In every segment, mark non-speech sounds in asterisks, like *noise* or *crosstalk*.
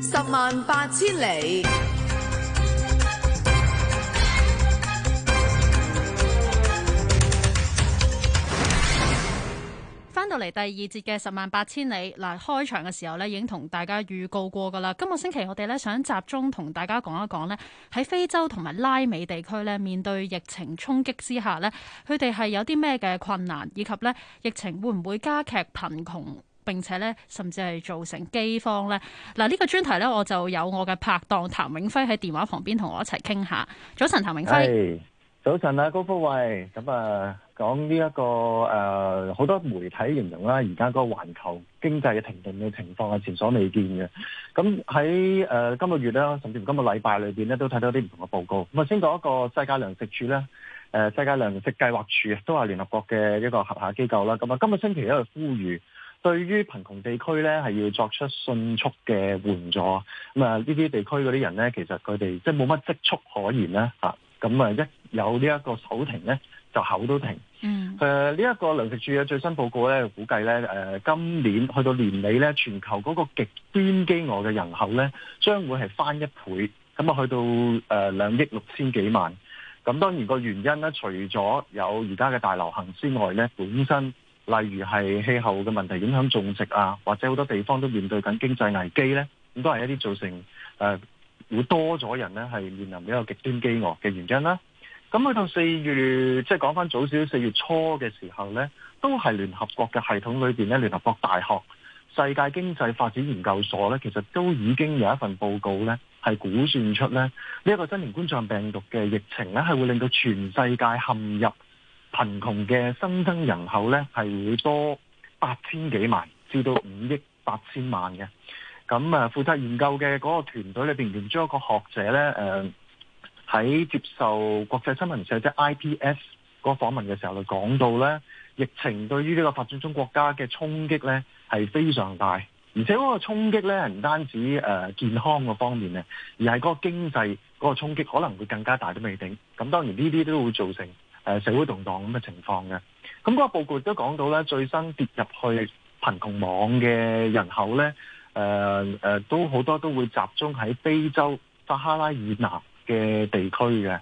十萬八千里，返到嚟第二節嘅十萬八千里。嗱，開場嘅時候咧，已經同大家預告過㗎喇。今個星期我哋咧想集中同大家講一講咧，喺非洲同埋拉美地區咧，面對疫情衝擊之下咧，佢哋係有啲咩嘅困難，以及咧疫情會唔會加劇貧窮？並且咧，甚至係造成饑荒咧。嗱、啊，呢、這個專題咧，我就有我嘅拍檔譚永暉喺電話旁邊同我一齊傾下。早晨，譚永暉。Hey, 早晨啊，高福偉。咁、嗯、啊、嗯，講呢、這、一個誒，好、呃、多媒體形容啦，而家個環球經濟嘅停頓嘅情況係前所未見嘅。咁喺誒今個月啦，甚至今個禮拜裏邊咧，都睇到啲唔同嘅報告。咁啊，先講一個世界糧食署咧，誒、呃、世界糧食計劃署都係聯合國嘅一個合下機構啦。咁、嗯、啊，今日星期一係呼籲。對於貧窮地區咧，係要作出迅速嘅援助。咁、呃、啊，呢啲地區嗰啲人咧，其實佢哋即係冇乜積蓄可言啦。嚇，咁啊，一有呢一個手停咧，就口都停。嗯。誒、呃，呢、這、一個糧食署嘅最新報告咧，估計咧誒、呃，今年去到年尾咧，全球嗰個極端飢餓嘅人口咧，將會係翻一倍。咁啊，去到誒兩、呃、億六千幾萬。咁當然個原因咧，除咗有而家嘅大流行之外咧，本身。例如係氣候嘅問題影響種植啊，或者好多地方都面對緊經濟危機呢，咁都係一啲造成誒、呃、會多咗人呢係面臨一個極端饑餓嘅原因啦。咁、嗯、去到四月，即係講翻早少少四月初嘅時候呢，都係聯合國嘅系統裏邊呢，聯合國大學、世界經濟發展研究所呢，其實都已經有一份報告呢，係估算出呢，呢、這、一個新型冠狀病毒嘅疫情呢，係會令到全世界陷入。貧窮嘅新增人口呢，係會多八千幾萬，至到五億八千萬嘅。咁啊，負責研究嘅嗰個團隊裏邊，其中一個學者呢，誒、呃、喺接受國際新聞社即係 IPS 嗰訪問嘅時候，就講到呢：疫情對於呢個發展中國家嘅衝擊呢，係非常大，而且嗰個衝擊呢係唔單止誒、呃、健康個方面呢，而係嗰個經濟嗰個衝擊可能會更加大都未定。咁當然呢啲都會造成。誒社會動盪咁嘅情況嘅，咁嗰個報告都講到咧，最新跌入去貧窮網嘅人口咧，誒誒都好多都會集中喺非洲撒哈拉以南嘅地區嘅。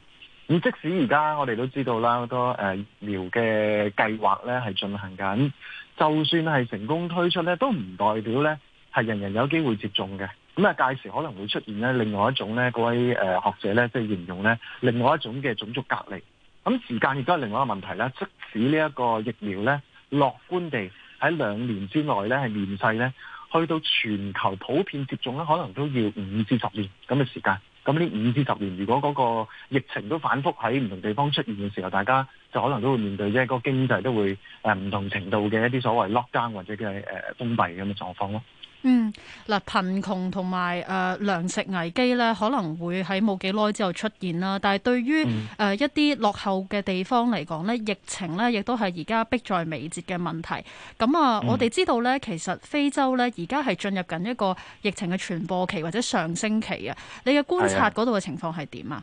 咁即使而家我哋都知道啦，好多誒疫苗嘅計劃咧係進行緊，就算係成功推出咧，都唔代表咧係人人有機會接種嘅。咁啊，屆時可能會出現咧另外一種咧，嗰位誒學者咧即係形容咧另外一種嘅種族隔離。咁時間亦都係另外一個問題啦。即使呢一個疫苗咧，樂觀地喺兩年之內咧係面世咧，去到全球普遍接種咧，可能都要五至十年咁嘅時間。咁呢五至十年，如果嗰個疫情都反覆喺唔同地方出現嘅時候，大家就可能都會面對即係個經濟都會誒唔同程度嘅一啲所謂 lockdown 或者嘅誒封閉咁嘅狀況咯。嗯，嗱，貧窮同埋誒糧食危機咧，可能會喺冇幾耐之後出現啦。但係對於誒、嗯呃、一啲落後嘅地方嚟講咧，疫情咧亦都係而家迫在眉睫嘅問題。咁啊，嗯、我哋知道咧，其實非洲咧而家係進入緊一個疫情嘅傳播期或者上升期啊。你嘅觀察嗰度嘅情況係點啊？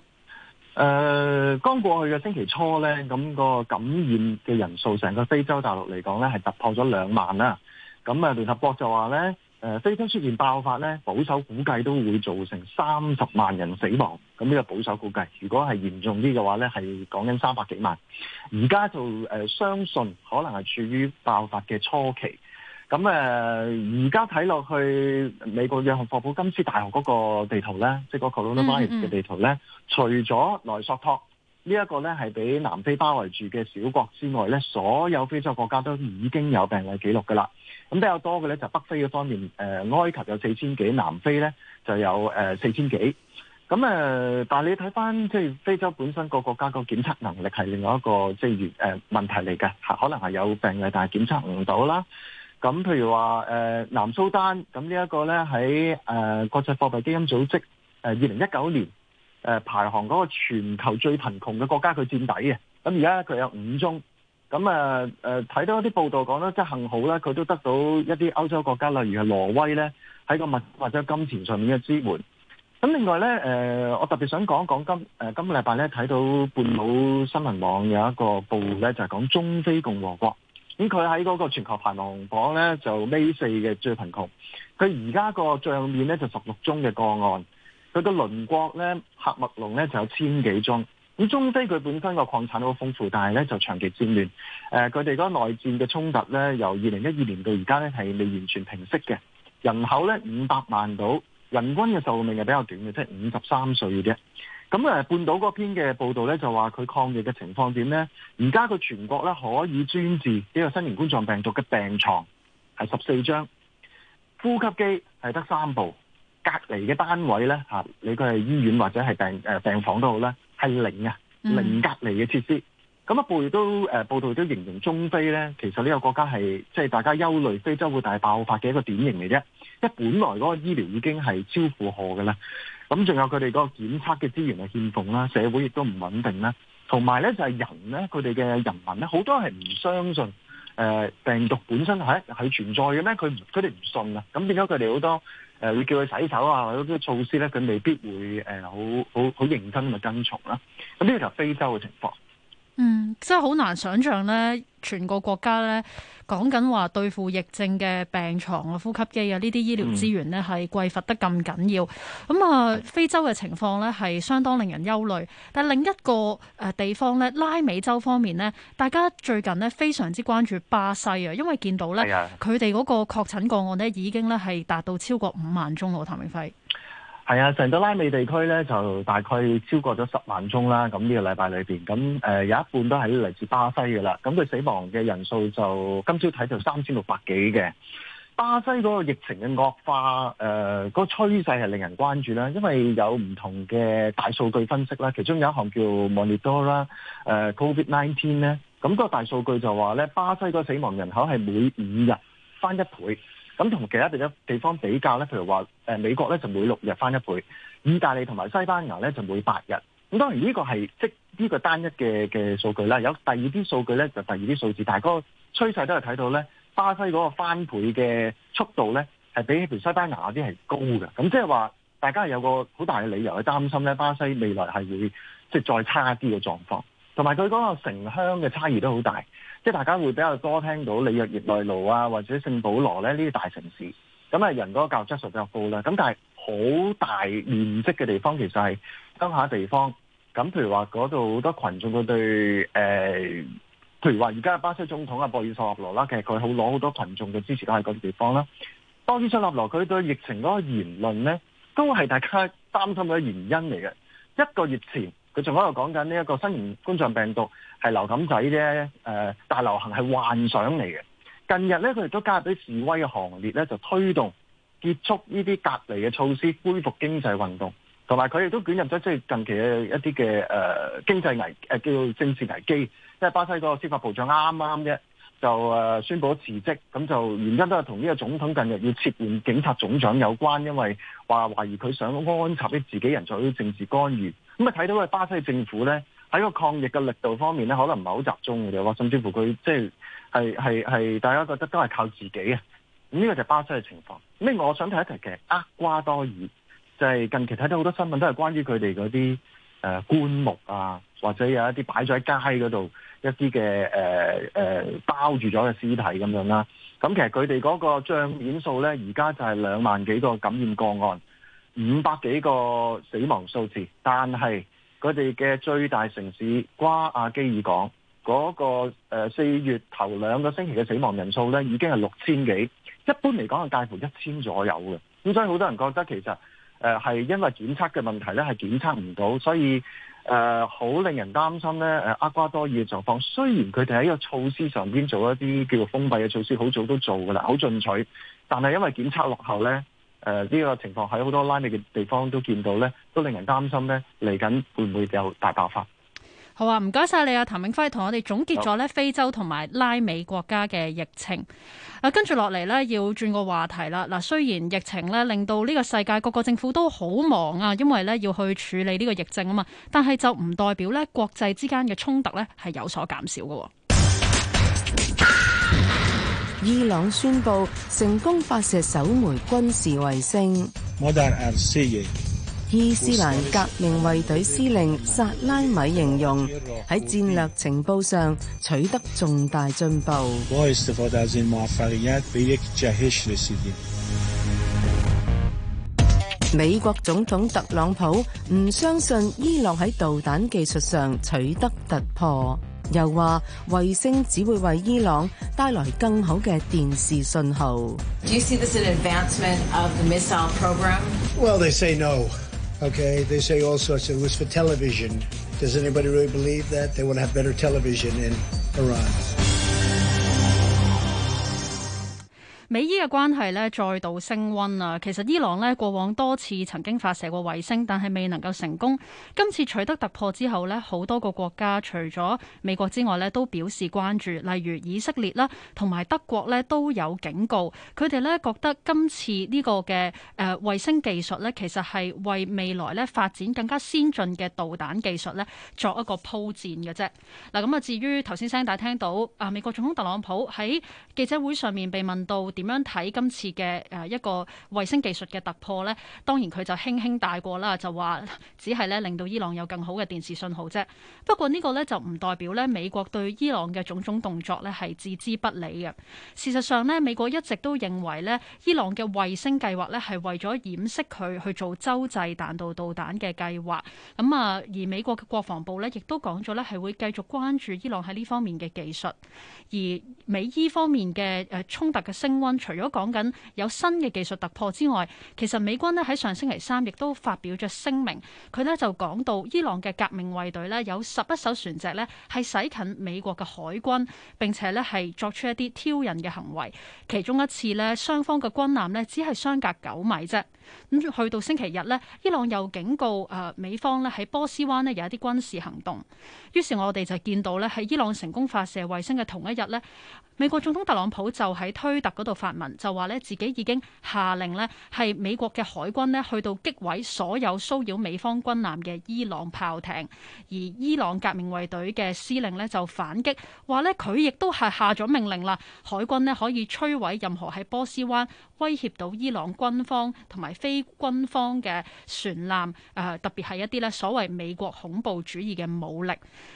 誒、呃，剛過去嘅星期初咧，咁、嗰個感染嘅人數，成個非洲大陸嚟講咧，係突破咗兩萬啦。咁啊，聯合國就話咧。誒、呃、非洲出現爆發咧，保守估計都會造成三十萬人死亡，咁呢個保守估計。如果係嚴重啲嘅話咧，係講緊三百幾萬。而家就誒、呃、相信可能係處於爆發嘅初期。咁誒而家睇落去美國約翰霍普金斯大學嗰個地圖咧，即、就、係、是、個 Coronavirus 嘅地圖咧，嗯嗯除咗萊索托，呢一個咧係畀南非包圍住嘅小國之外咧，所有非洲國家都已經有病例記錄㗎啦。咁比較多嘅咧，就北非嘅方面，誒、呃、埃及有四千幾，南非咧就有誒四千幾。咁誒、呃，但係你睇返即係非洲本身個國家個檢測能力係另外一個即係越誒問題嚟㗎，可能係有病例但係檢測唔到啦。咁譬如話誒、呃、南蘇丹，咁呢一個咧喺誒國際貨幣基金組織誒二零一九年。誒排行嗰個全球最貧窮嘅國家，佢墊底嘅。咁而家佢有五宗。咁誒誒睇到一啲報道講咧，即係幸好咧，佢都得到一啲歐洲國家，例如係挪威咧，喺個物或者金錢上面嘅支援。咁另外咧，誒、呃、我特別想講一講今誒、呃、今個禮拜咧，睇到半島新聞網有一個報咧，就係、是、講中非共和國。咁佢喺嗰個全球排行榜咧，就尾四嘅最貧窮。佢而家個帳面咧就十六宗嘅個案。佢個鄰國咧，喀麥隆咧就有千幾宗。咁中非佢本身個礦產好豐富，但係咧就長期戰亂。誒、呃，佢哋嗰內戰嘅衝突咧，由二零一二年到而家咧係未完全平息嘅。人口咧五百萬到，人均嘅壽命係比較短嘅，即係五十三歲嘅啫。咁、嗯、誒，半島嗰篇嘅報導咧就話佢抗疫嘅情況點咧？而家佢全國咧可以專治呢個新型冠狀病毒嘅病床係十四張，呼吸機係得三部。隔離嘅單位咧嚇、啊，你佢係醫院或者係病誒、呃、病房都好啦，係零啊零隔離嘅設施。咁啊、嗯、報道都誒、呃、報道都形容中非咧，其實呢個國家係即係大家憂慮非洲會大爆發嘅一個典型嚟啫。即係本來嗰個醫療已經係超負荷㗎啦，咁仲有佢哋個檢測嘅資源係欠奉啦，社會亦都唔穩定啦，同埋咧就係、是、人咧佢哋嘅人民咧好多係唔相信誒、呃、病毒本身係係、欸、存在嘅咩？佢佢哋唔信啊，咁變咗佢哋好多。誒，你、呃、叫佢洗手啊，或者啲措施咧，佢未必會誒、呃、好好好認真咁跟從啦、啊。咁呢個就係非洲嘅情況。嗯，真係好難想象呢全個國家咧講緊話對付疫症，嘅病床啊、呼吸機啊呢啲醫療資源咧係、嗯、匱乏得咁緊要。咁、嗯、啊、呃，非洲嘅情況咧係相當令人憂慮。但另一個誒地方呢，拉美洲方面呢，大家最近咧非常之關注巴西啊，因為見到呢，佢哋嗰個確診個案咧已經咧係達到超過五萬宗咯，譚永暉。係啊，整個拉美地區咧就大概超過咗十萬宗啦。咁、這、呢個禮拜裏邊，咁誒、呃、有一半都係嚟自巴西嘅啦。咁佢死亡嘅人數就今朝睇就三千六百幾嘅。巴西嗰個疫情嘅惡化，誒、呃、嗰、那個、趨勢係令人關注啦。因為有唔同嘅大數據分析啦，其中有一項叫 Monitora 啦，誒 Covid Nineteen 咧。咁、那個大數據就話咧，巴西個死亡人口係每五日翻一倍。咁同其他地一地方比較咧，譬如話，誒、美國咧就每六日翻一倍，意大利同埋西班牙咧就每八日。咁當然呢個係即呢個單一嘅嘅數據啦。有第二啲數據咧，就第二啲數字。但係嗰個趨勢都係睇到咧，巴西嗰個翻倍嘅速度咧係比起譬如西班牙啲係高嘅。咁即係話，大家有個好大嘅理由去擔心咧，巴西未來係會即係再差啲嘅狀況。同埋佢嗰個城鄉嘅差異都好大。即係大家會比較多聽到里約熱內盧啊，或者聖保羅咧呢啲大城市，咁啊人嗰個教育質素比較高啦。咁但係好大面積嘅地方其實係鄉下地方。咁譬如話嗰度好多群眾佢對、呃、譬如話而家嘅巴西總統啊博爾索納羅啦，其實佢好攞好多群眾嘅支持喺嗰啲地方啦。當時博爾索納羅佢對疫情嗰個言論呢，都係大家擔心嘅原因嚟嘅。一個月前。佢仲喺度講緊呢一個新型冠狀病毒係流感仔啫，誒、呃，大流行係幻想嚟嘅。近日咧，佢亦都加入啲示威嘅行列咧，就推動結束呢啲隔離嘅措施，恢復經濟運動。同埋佢亦都捲入咗即係近期嘅一啲嘅誒經濟危誒、呃、叫做政治危機，因為巴西個司法部長啱啱啫就誒宣布咗辭職，咁就原因都係同呢個總統近日要撤換警察總長有關，因為話懷疑佢想安插啲自己人做啲政治干預。咁啊睇到佢巴西政府咧，喺個抗疫嘅力度方面咧，可能唔係好集中嘅喎，甚至乎佢即係係係係大家覺得都係靠自己嘅。咁、嗯、呢、這個就係巴西嘅情況。另、嗯、外，我想提一提嘅厄瓜多爾就係、是、近期睇到好多新聞都係關於佢哋嗰啲誒棺木啊，或者有一啲擺咗喺街嗰度一啲嘅誒誒包住咗嘅屍體咁樣啦。咁、嗯嗯嗯嗯嗯、其實佢哋嗰個張染數咧，而家就係兩萬幾個感染個案，五百幾個死亡數字，但係佢哋嘅最大城市瓜亞基爾港嗰、那個四月頭兩個星期嘅死亡人數咧，已經係六千幾。一般嚟講係介乎一千左右嘅。咁所以好多人覺得其實誒係、呃、因為檢測嘅問題咧，係檢測唔到，所以誒好、呃、令人擔心咧。誒、呃、厄瓜多爾嘅狀況，雖然佢哋喺一個措施上邊做一啲叫做封閉嘅措施，好早都做㗎啦，好進取，但係因為檢測落後咧。誒，呢、呃，這個情況喺好多拉美嘅地方都見到呢，都令人擔心呢。嚟緊會唔會有大爆發？好啊，唔該晒你啊，譚永暉，同我哋總結咗呢好非洲同埋拉美國家嘅疫情啊。跟住落嚟呢，要轉個話題啦。嗱，雖然疫情呢令到呢個世界各個政府都好忙啊，因為呢要去處理呢個疫症啊嘛，但係就唔代表呢國際之間嘅衝突呢係有所減少噶、哦。伊朗宣布成功發射首枚軍事衛星。伊斯蘭革命衛隊司令薩拉米形容，喺戰略情報上取得重大進步。美國總統特朗普唔相信伊朗喺導彈技術上取得突破。又話衛星只會為伊朗帶來更好嘅電視訊號。美伊嘅關係咧，再度升温啊。其實伊朗咧過往多次曾經發射過衛星，但係未能夠成功。今次取得突破之後咧，好多個國家除咗美國之外咧，都表示關注，例如以色列啦，同埋德國咧都有警告。佢哋咧，覺得今次呢個嘅誒、呃、衛星技術咧，其實係為未來咧發展更加先進嘅導彈技術咧作一個鋪墊嘅啫。嗱咁啊，至於頭先聲帶聽到啊，美國總統特朗普喺記者會上面被問到點樣睇今次嘅誒一個衛星技術嘅突破咧？當然佢就輕輕帶過啦，就話只係咧令到伊朗有更好嘅電視信號啫。不過個呢個咧就唔代表咧美國對伊朗嘅種種動作咧係置之不理嘅。事實上咧，美國一直都認為咧伊朗嘅衛星計劃咧係為咗掩飾佢去做洲際彈道導彈嘅計劃。咁啊，而美國嘅國防部咧亦都講咗咧係會繼續關注伊朗喺呢方面嘅技術，而美伊方面嘅誒衝突嘅升溫。除咗講緊有新嘅技術突破之外，其實美軍呢喺上星期三亦都發表咗聲明，佢呢就講到伊朗嘅革命衛隊呢，有十一艘船隻呢係駛近美國嘅海軍，並且呢係作出一啲挑釁嘅行為，其中一次呢，雙方嘅軍艦呢只係相隔九米啫。咁去到星期日呢，伊朗又警告誒美方呢，喺波斯灣呢有一啲軍事行動。於是，我哋就見到呢，喺伊朗成功發射衛星嘅同一日呢，美國總統特朗普就喺推特嗰度發文，就話呢自己已經下令呢，係美國嘅海軍呢去到擊毀所有騷擾美方軍艦嘅伊朗炮艇。而伊朗革命衛隊嘅司令呢，就反擊話呢，佢亦都係下咗命令啦，海軍呢可以摧毀任何喺波斯灣。威脅到伊朗軍方同埋非軍方嘅船艦，誒、呃，特別係一啲咧所謂美國恐怖主義嘅武力。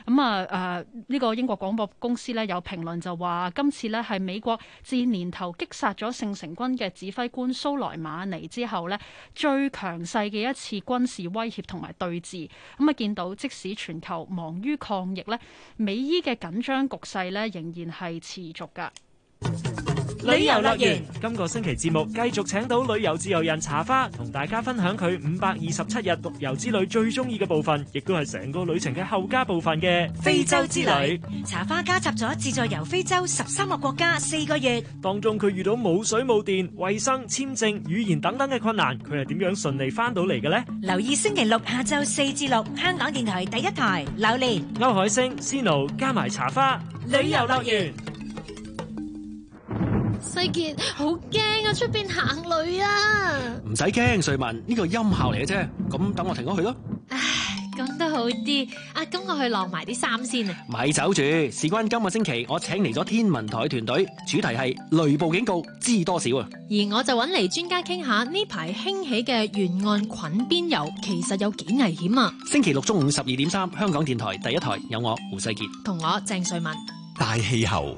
咁啊誒，呢、呃這個英國廣播公司咧有評論就話，今次咧係美國自年頭擊殺咗聖城軍嘅指揮官蘇萊馬尼之後咧，最強勢嘅一次軍事威脅同埋對峙。咁、呃、啊，見到即使全球忙於抗疫咧，美伊嘅緊張局勢咧仍然係持續噶。旅遊樂園，今個星期節目繼續請到旅遊自由人茶花，同大家分享佢五百二十七日獨遊之旅最中意嘅部分，亦都係成個旅程嘅後加部分嘅非洲之旅。茶花加插咗自助遊非洲十三個國家四個月，當中佢遇到冇水冇電、衛生、簽證、語言等等嘅困難，佢係點樣順利翻到嚟嘅呢？留意星期六下晝四至六，香港電台第一台，榴蓮、歐海星、SnO 加埋茶花，旅遊樂園。世杰好驚啊！出邊行雷啊！唔使驚，瑞文，呢個音效嚟嘅啫。咁等我停咗佢咯。唉，講得好啲。啊，咁我去晾埋啲衫先啊。咪走住，事關今個星期我請嚟咗天文台嘅團隊，主題係雷暴警告知多少啊？而我就揾嚟專家傾下呢排興起嘅沿岸滾邊游，其實有幾危險啊？星期六中午十二點三，香港電台第一台有我胡世杰同我鄭瑞文大氣候。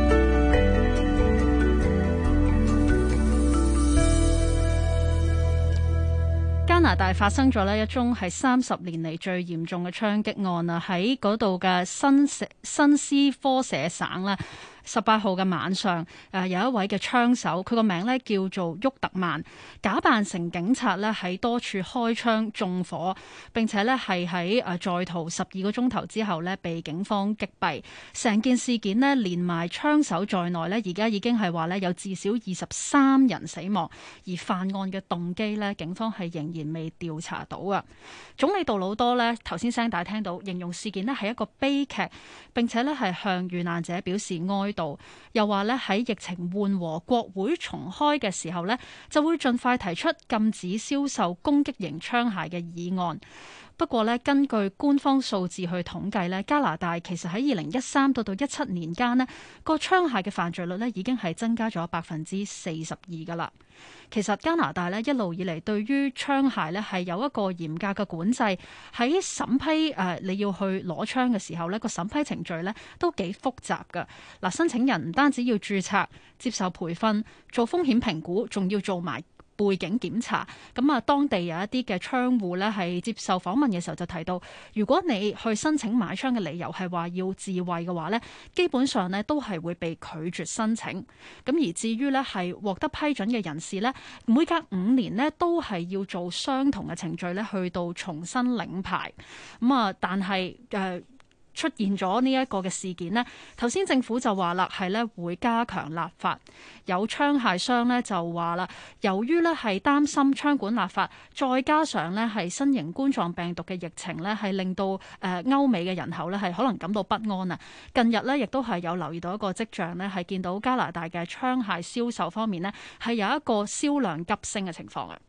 加拿大發生咗呢一宗係三十年嚟最嚴重嘅槍擊案啊！喺嗰度嘅新新斯科舍省喇。十八號嘅晚上，誒、啊、有一位嘅槍手，佢個名呢叫做沃特曼，假扮成警察呢，喺多處開槍縱火，並且呢係喺誒在逃十二個鐘頭之後呢，被警方擊斃。成件事件呢連埋槍手在內呢，而家已經係話呢有至少二十三人死亡，而犯案嘅動機呢，警方係仍然未調查到啊，總理杜魯多呢頭先聲大聽到，形容事件呢係一個悲劇，並且呢係向遇難者表示哀。度又話咧，喺疫情緩和、國會重開嘅時候咧，就會盡快提出禁止銷售攻擊型槍械嘅議案。不過咧，根據官方數字去統計咧，加拿大其實喺二零一三到到一七年間咧，個槍械嘅犯罪率咧已經係增加咗百分之四十二噶啦。其實加拿大咧一路以嚟對於槍械咧係有一個嚴格嘅管制，喺審批誒、呃、你要去攞槍嘅時候，呢個審批程序呢都幾複雜噶。嗱，申請人唔單止要註冊、接受培訓、做風險評估，仲要做埋。背景檢查，咁啊，當地有一啲嘅槍戶呢，係接受訪問嘅時候就提到，如果你去申請買槍嘅理由係話要自衛嘅話呢，基本上呢都係會被拒絕申請。咁而至於呢係獲得批准嘅人士呢，每隔五年呢都係要做相同嘅程序呢，去到重新領牌。咁啊，但係誒。出現咗呢一個嘅事件呢頭先政府就話啦，係咧會加強立法。有槍械商呢就話啦，由於咧係擔心槍管立法，再加上咧係新型冠狀病毒嘅疫情呢係令到誒歐美嘅人口呢係可能感到不安啊。近日呢亦都係有留意到一個跡象呢係見到加拿大嘅槍械銷售方面呢係有一個銷量急升嘅情況啊。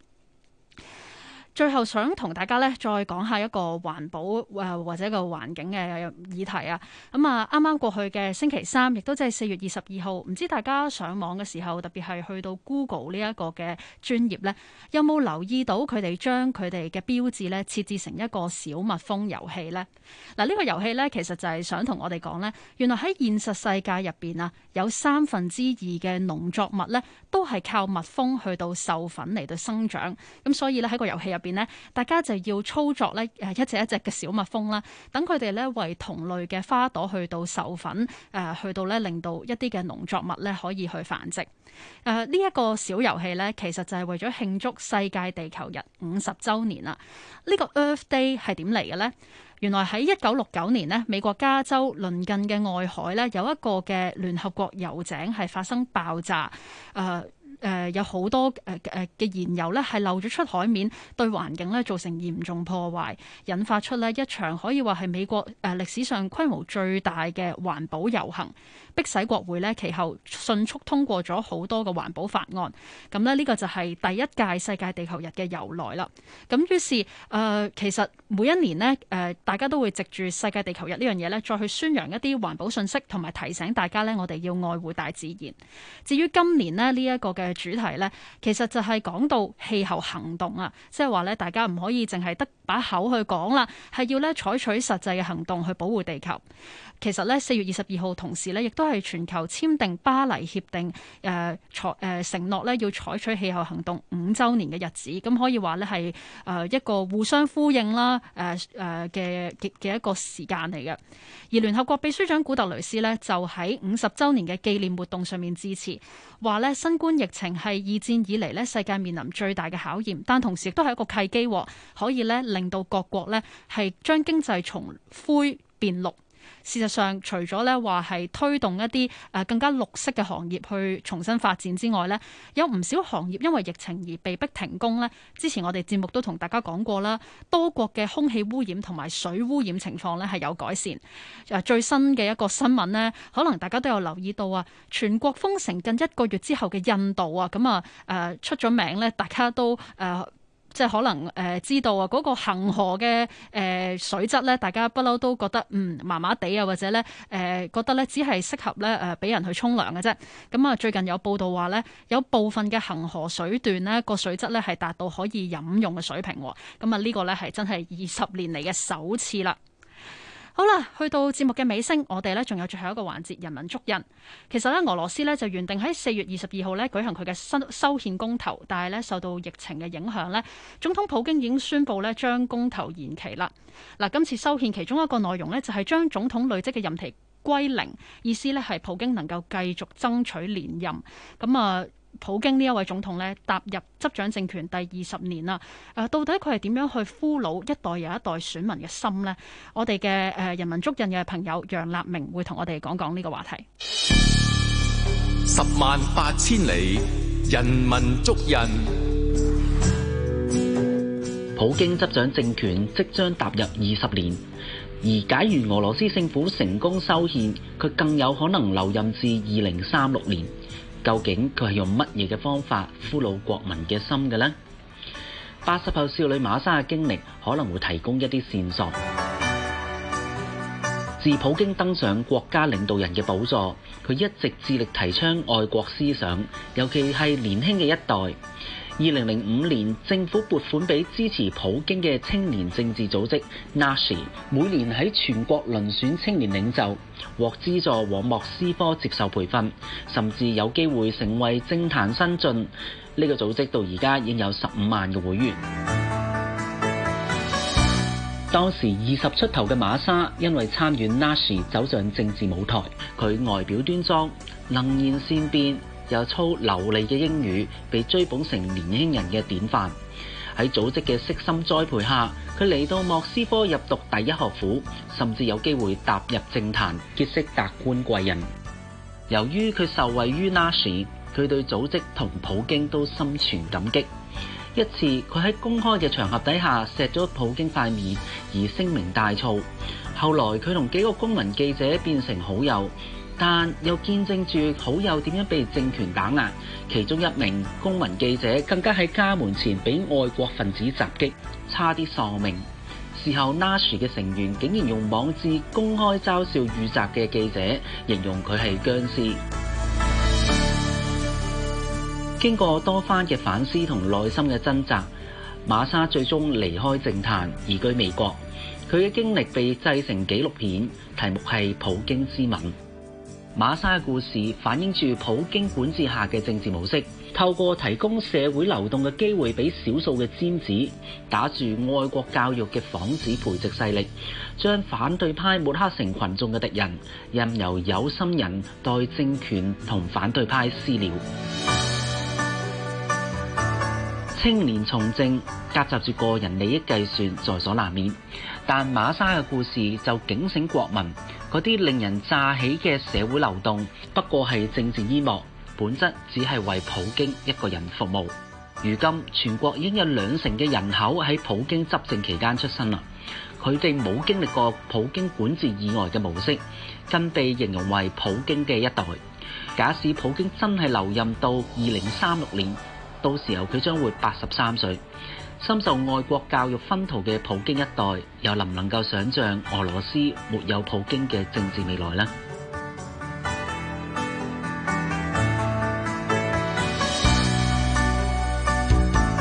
最後想同大家咧再講下一個環保、呃、或者個環境嘅議題啊！咁啊啱啱過去嘅星期三，亦都即係四月二十二號，唔知大家上網嘅時候，特別係去到 Google 呢一個嘅專業呢，有冇留意到佢哋將佢哋嘅標誌呢設置成一個小蜜蜂遊戲呢？嗱、嗯，呢、呢個遊戲呢，其實就係想同我哋講呢：原來喺現實世界入邊啊，有三分之二嘅農作物呢，都係靠蜜蜂去到授粉嚟到生長，咁、嗯、所以呢，喺個遊戲入邊呢，大家就要操作呢，誒一隻一隻嘅小蜜蜂啦，等佢哋呢為同類嘅花朵去到授粉，誒、呃、去到呢令到一啲嘅農作物呢可以去繁殖。誒呢一個小遊戲呢，其實就係為咗慶祝世界地球日五十周年啦。呢、這個 Earth Day 係點嚟嘅呢？原來喺一九六九年呢，美國加州鄰近嘅外海呢，有一個嘅聯合國油井係發生爆炸，誒、呃。誒、呃、有好多誒誒嘅燃油呢，係漏咗出海面，對環境呢，造成嚴重破壞，引發出呢一場可以話係美國誒歷、呃、史上規模最大嘅環保遊行，迫使國會呢，其後迅速通過咗好多嘅環保法案。咁呢，呢、呢個就係第一屆世界地球日嘅由來啦。咁於是誒、呃、其實每一年呢，誒、呃、大家都會藉住世界地球日呢樣嘢呢，再去宣揚一啲環保信息，同埋提醒大家呢，我哋要愛護大自然。至於今年呢，呢、呢、一個嘅主題咧，其實就係講到氣候行動啊，即係話咧，大家唔可以淨係得把口去講啦，係要咧採取實際嘅行動去保護地球。其實咧，四月二十二號同時咧，亦都係全球簽訂巴黎協定誒誒、呃呃、承諾咧要採取氣候行動五周年嘅日子，咁、嗯、可以話咧係誒一個互相呼應啦誒誒嘅嘅一個時間嚟嘅。而聯合國秘書長古特雷斯咧就喺五十周年嘅紀念活動上面致辭，話咧新冠疫情。係二戰以嚟咧，世界面臨最大嘅考驗，但同時亦都係一個契機，可以咧令到各國咧係將經濟從灰變綠。事實上，除咗咧話係推動一啲誒更加綠色嘅行業去重新發展之外咧，有唔少行業因為疫情而被迫停工咧。之前我哋節目都同大家講過啦，多國嘅空氣污染同埋水污染情況咧係有改善。誒最新嘅一個新聞呢，可能大家都有留意到啊，全國封城近一個月之後嘅印度啊，咁啊誒出咗名咧，大家都誒。呃即係可能誒知道啊，嗰、那個恆河嘅誒、呃、水質咧，大家不嬲都覺得嗯麻麻地啊，或者咧誒、呃、覺得咧只係適合咧誒俾人去沖涼嘅啫。咁啊，最近有報道話咧，有部分嘅恆河水段咧個水質咧係達到可以飲用嘅水平喎。咁、哦、啊，呢、這個咧係真係二十年嚟嘅首次啦。好啦，去到節目嘅尾聲，我哋呢仲有最後一個環節《人文足印》。其實呢，俄羅斯呢就原定喺四月二十二號呢舉行佢嘅新修憲公投，但係呢受到疫情嘅影響呢總統普京已經宣布呢將公投延期啦。嗱、啊，今次修憲其中一個內容呢，就係、是、將總統累積嘅任期歸零，意思呢係普京能夠繼續爭取連任。咁啊～普京呢一位總統呢踏入執掌政權第二十年啦，誒、啊，到底佢係點樣去俘虜一代又一代選民嘅心呢？我哋嘅誒人文足印嘅朋友楊立明會同我哋講講呢個話題。十萬八千里人文足印，普京執掌政權即將踏入二十年，而假如俄羅斯政府成功修憲，佢更有可能留任至二零三六年。究竟佢係用乜嘢嘅方法俘虜國民嘅心嘅呢？八十後少女馬莎嘅經歷可能會提供一啲線索。自普京登上國家領導人嘅寶座，佢一直致力提倡愛國思想，尤其係年輕嘅一代。二零零五年，政府撥款俾支持普京嘅青年政治組織 Nashi，每年喺全國遴選青年領袖，獲資助往莫斯科接受培訓，甚至有機會成為政壇新進。呢個組織到而家已經有十五萬嘅會員。 *music* 當時二十出頭嘅馬莎因為參與 Nashi 走上政治舞台，佢外表端莊，能言善辯。又粗流利嘅英語，被追捧成年輕人嘅典範。喺組織嘅悉心栽培下，佢嚟到莫斯科入讀第一學府，甚至有機會踏入政壇，結識達官貴人。由於佢受惠於 Nashi，佢對組織同普京都心存感激。一次佢喺公開嘅場合底下錫咗普京塊面，而聲名大噪。後來佢同幾個公民記者變成好友。但又見證住好友點樣被政權打壓，其中一名公民記者更加喺家門前俾外國分子襲擊，差啲喪命。事後，Nash 嘅成員竟然用網誌公開嘲笑遇襲嘅記者，形容佢係僵屍。經過多番嘅反思同內心嘅掙扎，瑪莎最終離開政壇，移居美國。佢嘅經歷被製成紀錄片，題目係《普京之吻》。馬莎嘅故事反映住普京管治下嘅政治模式，透過提供社會流動嘅機會俾少數嘅尖子，打住愛國教育嘅幌子培植勢力，將反對派抹黑成群眾嘅敵人，任由有心人代政權同反對派私了。青年從政夾雜住個人利益計算，在所難免。但馬莎嘅故事就警醒國民，嗰啲令人乍起嘅社會流動，不過係政治煙幕，本質只係為普京一個人服務。如今全國已經有兩成嘅人口喺普京執政期間出生啦，佢哋冇經歷過普京管治以外嘅模式，更被形容為普京嘅一代。假使普京真係留任到二零三六年。到時候佢將會八十三歲，深受外國教育熏陶嘅普京一代，又能唔能夠想象俄羅斯沒有普京嘅政治未來呢？